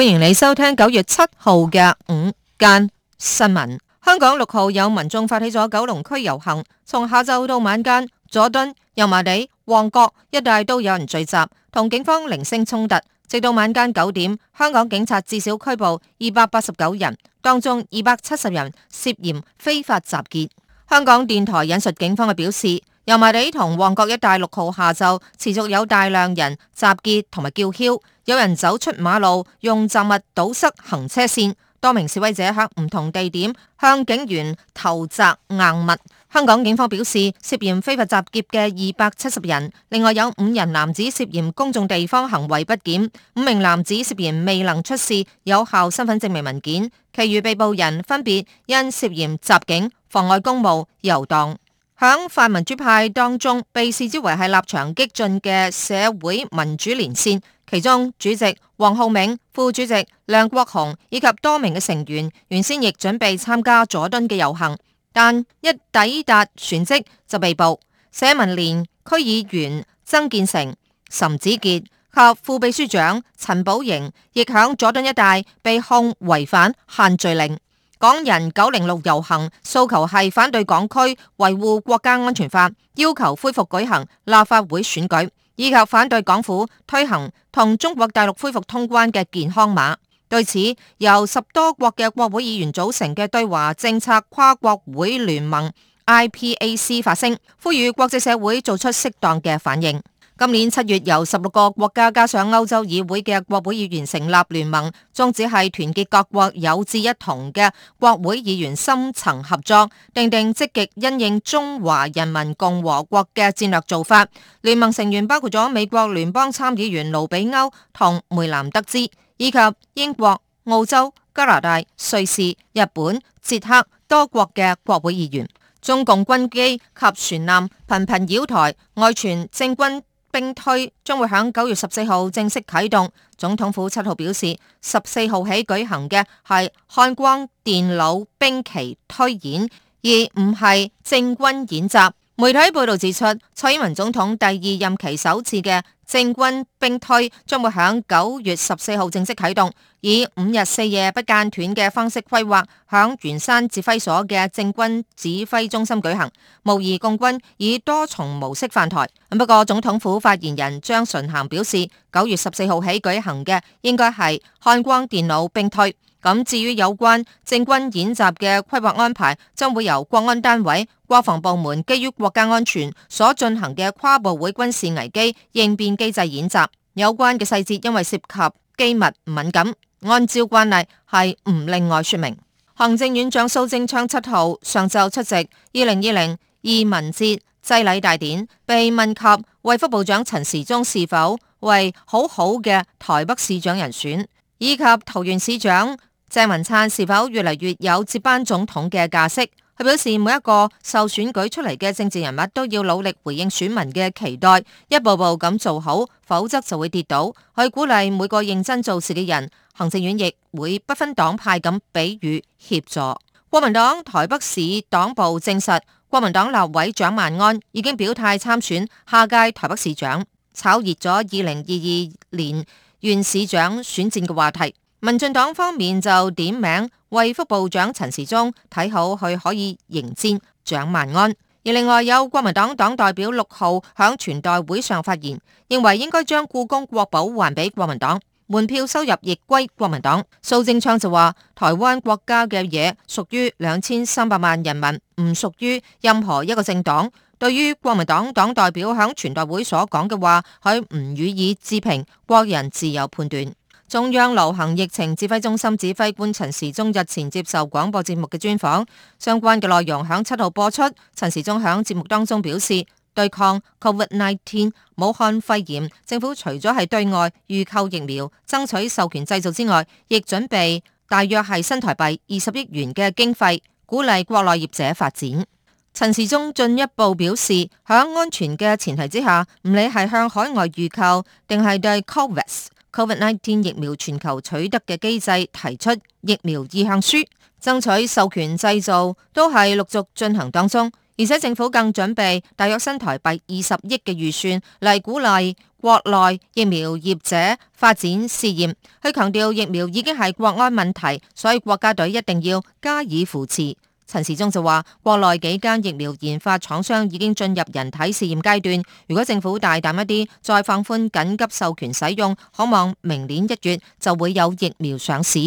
歡迎你收聽九月七號嘅午間新聞。香港六號有民眾發起咗九龍區遊行，從下晝到晚間，佐敦、油麻地、旺角一帶都有人聚集，同警方零星衝突。直到晚間九點，香港警察至少拘捕二百八十九人，當中二百七十人涉嫌非法集結。香港電台引述警方嘅表示。油麻地同旺角一帶六號下晝持續有大量人集結同埋叫囂，有人走出馬路用雜物堵塞行車線，多名示威者喺唔同地點向警員投擲硬物。香港警方表示，涉嫌非法集結嘅二百七十人，另外有五人男子涉嫌公眾地方行為不檢，五名男子涉嫌未能出示有效身份證明文件，其餘被捕人分別因涉嫌襲警、妨礙公務、遊蕩。響泛民主派當中，被視之為係立場激進嘅社會民主連線，其中主席黃浩銘、副主席梁國雄以及多名嘅成員，原先亦準備參加佐敦嘅遊行，但一抵達船積就被捕。社民連區議員曾建成、岑子傑及副秘書長陳寶瑩，亦響佐敦一帶被控違反限聚令。港人九零六遊行訴求係反對港區維護國家安全法，要求恢復舉行立法會選舉，以及反對港府推行同中國大陸恢復通關嘅健康碼。對此，由十多國嘅國會議員組成嘅對華政策跨國會聯盟 IPAC 發聲，呼籲國際社會做出適當嘅反應。今年七月，由十六個國家加上歐洲議會嘅國會議員成立聯盟，宗旨係團結各國有志一同嘅國會議員深層合作，訂定積極因應中華人民共和國嘅戰略做法。聯盟成員包括咗美國聯邦參議員盧比歐同梅南德茲，以及英國、澳洲、加拿大、瑞士、日本、捷克多國嘅國會議員。中共軍機及船艦頻頻繞台，外傳政軍，兵推將會喺九月十四號正式啟動。總統府七號表示，十四號起舉行嘅係漢光電腦兵棋推演，而唔係政軍演習。媒體報道指出，蔡英文總統第二任期首次嘅政軍兵推將會喺九月十四號正式啟動，以五日四夜不間斷嘅方式規劃，喺圓山指揮所嘅政軍指揮中心舉行。模擬共軍以多重模式犯台。不過，總統府發言人張純涵表示，九月十四號起舉行嘅應該係漢光電腦兵推。咁至於有關政軍演習嘅規劃安排，將會由國安單位、國防部門基於國家安全所進行嘅跨部會軍事危機應變機制演習。有關嘅細節因為涉及機密唔敏感，按照慣例係唔另外説明。行政院長蘇貞昌七號上晝出席二零二零移民節祭禮大典，被問及衛福部長陳時中是否為好好嘅台北市長人選，以及桃園市長。鄭文燦是否越嚟越有接班總統嘅架式，佢表示，每一個受選舉出嚟嘅政治人物都要努力回應選民嘅期待，一步步咁做好，否則就會跌倒。佢鼓勵每個認真做事嘅人，行政院亦會不分黨派咁給予協助。國民黨台北市黨部證實，國民黨立委蔣萬安已經表態參選下屆台北市長，炒熱咗二零二二年縣市長選戰嘅話題。民進黨方面就點名衛福部長陳時中睇好佢可以迎戰蔣萬安，而另外有國民黨黨代表六號響全代會上發言，認為應該將故宮國寶還俾國民黨，門票收入亦歸國民黨。蘇貞昌就話：台灣國家嘅嘢屬於兩千三百萬人民，唔屬於任何一個政黨。對於國民黨黨代表響全代會所講嘅話，佢唔予以置評，國人自由判斷。中央流行疫情指揮中心指揮官陳時中日前接受廣播節目嘅專訪，相關嘅內容響七號播出。陳時中響節目當中表示，對抗 COVID-19 武漢肺炎，政府除咗係對外預購疫苗，爭取授權製造之外，亦準備大約係新台幣二十億元嘅經費，鼓勵國內業者發展。陳時中進一步表示，響安全嘅前提之下，唔理係向海外預購定係對 COVID-19，Covid nineteen 疫苗全球取得嘅機制，提出疫苗意向書，爭取授權製造，都係陸續進行當中。而且政府更準備大約新台幣二十億嘅預算嚟鼓勵國內疫苗業者發展試驗。佢強調疫苗已經係國安問題，所以國家隊一定要加以扶持。陳時中就話：國內幾間疫苗研發廠商已經進入人體試驗階段，如果政府大膽一啲，再放寬緊急授權使用，可望明年一月就會有疫苗上市。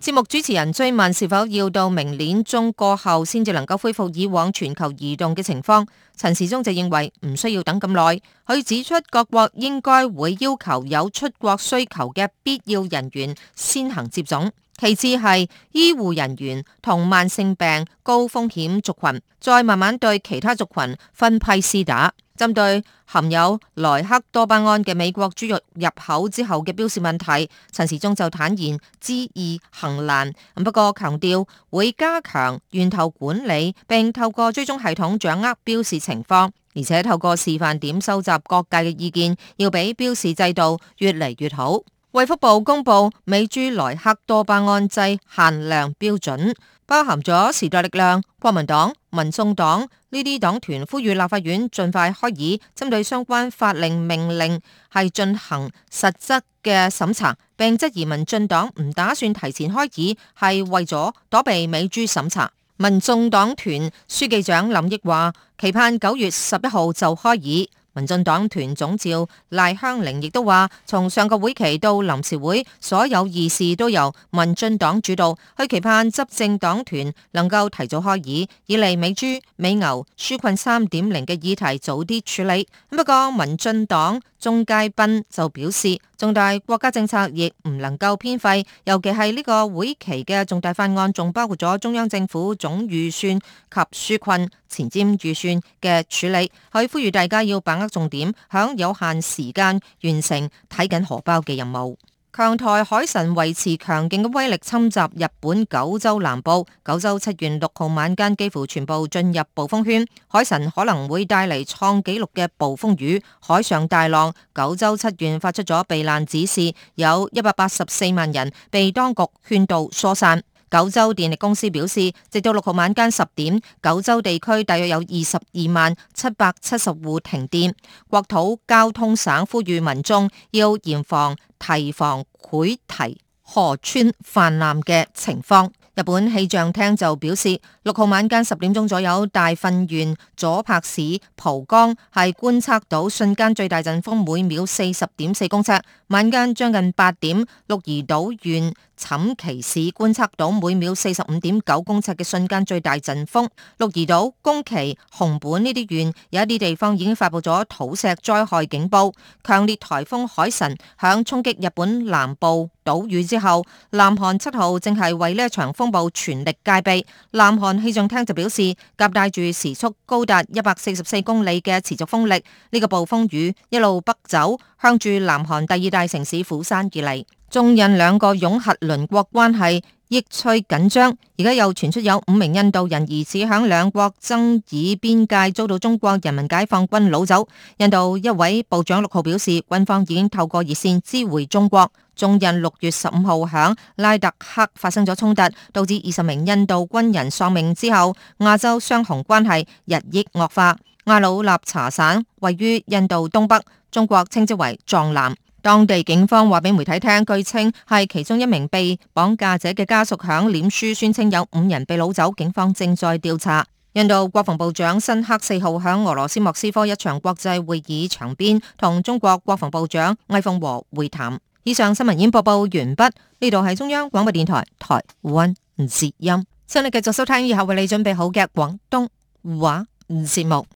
節目主持人追問是否要到明年中過後先至能夠恢復以往全球移動嘅情況，陳時中就認為唔需要等咁耐。佢指出，各國應該會要求有出國需求嘅必要人員先行接種。其次係醫護人員同慢性病高風險族群，再慢慢對其他族群分批施打。針對含有萊克多巴胺嘅美國豬肉入口之後嘅標示問題，陳時中就坦言知易行難，不過強調會加強源頭管理，並透過追蹤系統掌握標示情況，而且透過示範點收集各界嘅意見，要俾標示制度越嚟越好。衛福部公布美豬萊克多巴胺劑限量標準，包含咗時代力量、國民黨、民眾黨呢啲黨團呼籲立法院盡快開議，針對相關法令命令係進行實質嘅審查，並質疑民進黨唔打算提前開議係為咗躲避美豬審查。民眾黨團書記長林益華話，期盼九月十一號就開議。民進黨團總召賴香玲亦都話：從上個會期到臨時會，所有議事都由民進黨主導，佢期盼執政黨團能夠提早開議，以嚟美豬美牛紓困三點零嘅議題早啲處理。不過民進黨鍾佳濱就表示，重大國家政策亦唔能夠偏廢，尤其係呢個會期嘅重大法案，仲包括咗中央政府總預算及紓困前瞻預算嘅處理，佢呼籲大家要把握。重點，響有限時間完成睇緊荷包嘅任務。強台海神維持強勁嘅威力，侵襲日本九州南部。九州七縣六號晚間幾乎全部進入暴風圈，海神可能會帶嚟創紀錄嘅暴風雨、海上大浪。九州七縣發出咗避難指示，有一百八十四萬人被當局勸導疏散。九州電力公司表示，直到六號晚間十點，九州地區大約有二十二萬七百七十戶停電。國土交通省呼籲民眾要嚴防堤防潰堤、河川泛濫嘅情況。日本氣象廳就表示，六號晚間十點鐘左右，大分縣佐伯市蒲江係觀測到瞬間最大陣風每秒四十點四公尺。晚間將近八點，鹿兒島縣寢岐市觀測到每秒四十五點九公尺嘅瞬間最大陣風，鹿兒島、宮崎、熊本呢啲縣有一啲地方已經發布咗土石災害警報。強烈台風海神響衝擊日本南部島嶼之後，南韓七號正係為呢一場風暴全力戒備。南韓氣象廳就表示，夾帶住時速高達一百四十四公里嘅持續風力，呢、這個暴風雨一路北走，向住南韓第二大城市釜山而嚟。中印兩個擁核鄰國關係益趨緊張，而家又傳出有五名印度人疑似響兩國爭議邊界遭到中國人民解放軍擄走。印度一位部長六號表示，軍方已經透過熱線知會中國。中印六月十五號響拉特克發生咗衝突，導致二十名印度軍人喪命之後，亞洲雙雄關係日益惡化。阿魯納查省位於印度東北，中國稱之為藏南。當地警方話俾媒體聽，據稱係其中一名被綁架者嘅家屬響臉書宣稱有五人被擄走，警方正在調查。印度國防部長申克四號響俄羅斯莫斯科一場國際會議場邊，同中國國防部長魏鳳和會談。以上新聞演播報完畢，呢度係中央廣播電台台灣之音，請你繼續收聽以後為你準備好嘅廣東話節目。